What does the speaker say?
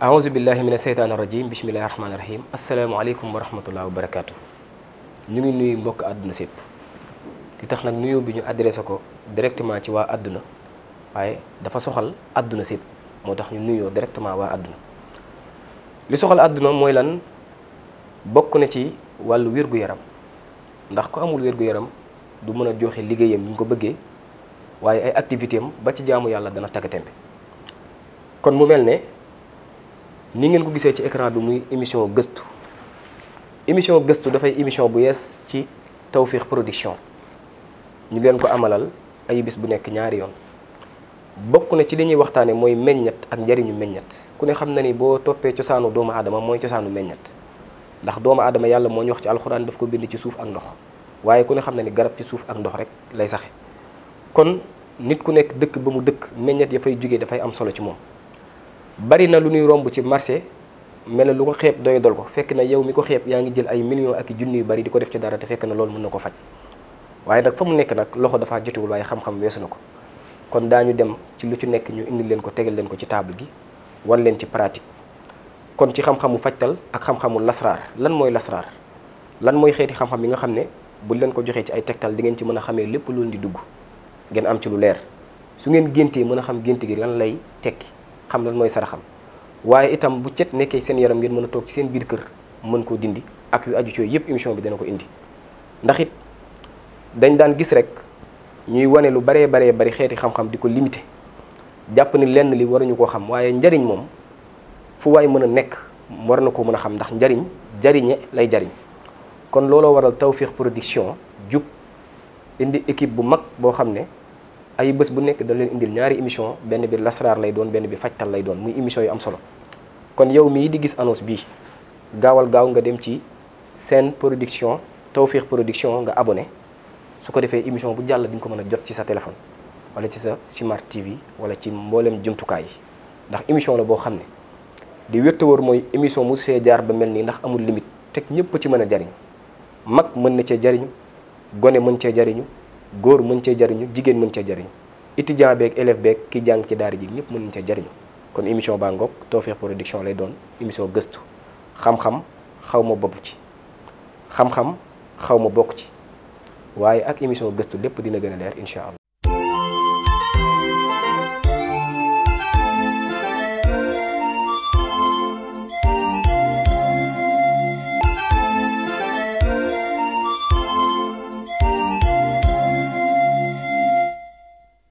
aouzu billahi mina seytaani rajim bismillahi rahmaani rahim asalaamaaleykum wa rahmatullah wa barakaatu ñu ngi nuyu mbokk àdduna sépp di tax nag nuyoo bi ñu adressé ko directement ci waa àdduna waaye dafa soxal àdduna sépp moo tax ñu nuyoo directement waa àdduna li soxal àdduna mooy lan bokk na ci wàll wér-gu-yaram ndax ko amul wér-gu-yaram du mën a joxe liggéeyam ñu ko bëggee waaye ay activité am ba ci jaamu yàlla dana taggatémbe kon mu mel ne ni ngeen ko gisee ci écran bi muy émission gëstu émission gëstu dafay émission bu yees ci Tawfekh Production ñu leen ko amalal ay bis bu nekk ñaari yoon bokk na ci li ñuy waxtaane mooy meññat ak njariñu meññat ku ne xam na ni boo toppee cosaanu doomu aadama mooy cosaanu meññat ndax doomu aadama yàlla moo ñu wax ci alxuraan daf ko bind ci suuf ak ndox waaye ku ne xam na ni garab ci suuf ak ndox rek lay saxe kon nit ku nekk dëkk ba mu dëkk meññat ya fay jógee dafay am solo ci moom bari na lu ñuy romb ci marché mel na lu ko xeeb doy dol ko fekk na yow mi ko xeeb yaa ngi jël ay millions ak i junni yu bari di ko def ci dara te fekk na loolu mën na ko faj waaye nag fa mu nekk nag loxo dafa jotewul waaye xam-xam weesu na ko kon daa ñu dem ci lu ci nekk ñu indi leen ko tegal leen ko ci table gi wan leen ci pratique kon ci xam-xamu fajtal ak xam-xamu lasraar lan mooy lasraar lan mooy xeeti xam-xam yi nga xam ne bu leen ko joxee ci ay tegtal di ngeen ci mën a xamee lépp lu di dugg ngeen am ci lu leer su ngeen géntee mën a xam gént gi lan lay tekki xam lan mooy saraxam waaye itam bu cet nekkee seen yaram ngeen mën a toog ci seen biir kër mën koo dindi ak yu aju ci yooyu yëpp émission bi dana ko indi ndax it dañ daan gis rek ñuy wane lu baree baree bari xeeti xam-xam di ko limité jàpp ni lenn li waruñu koo xam waaye njariñ moom fu waay mën a nekk war na ko mën a xam ndax njariñ jariñe lay jariñ kon looloo waral Tawfekh Production jub indi équipe bu mag boo xam ne ay bés bu nekk da leen indil ñaari émission benn bi lasraar lay doon benn bi fajtal lay doon muy émission yu am solo kon yow mii di gis annonce bii gaawal gaaw nga dem ci seen production Tawfekh production nga abone su ko defee émission bu jàll di nga ko mën a jot ci sa téléphone wala ci sa Smart TV wala ci mboolem jumtukaay yi ndax émission la boo xam ne di wétta wóor mooy émission mosu fee jaar ba mel nii ndax amul limite teg ñëpp ci mën a jariñ mag mën na cee jariñu gone mën cee jariñu góor mën cee jariñu jigéen mën cee jariñu étudiant beeg élève beeg ki jàng ci daar ji ñëpp mën nañ cee jariñu kon émission baa ngoog Tawfekh Production lay doon émission gëstu xam-xam xaw ma bopp ci xam-xam xaw ma bokk ci waaye ak émission gëstu lépp dina gën a leer incha allah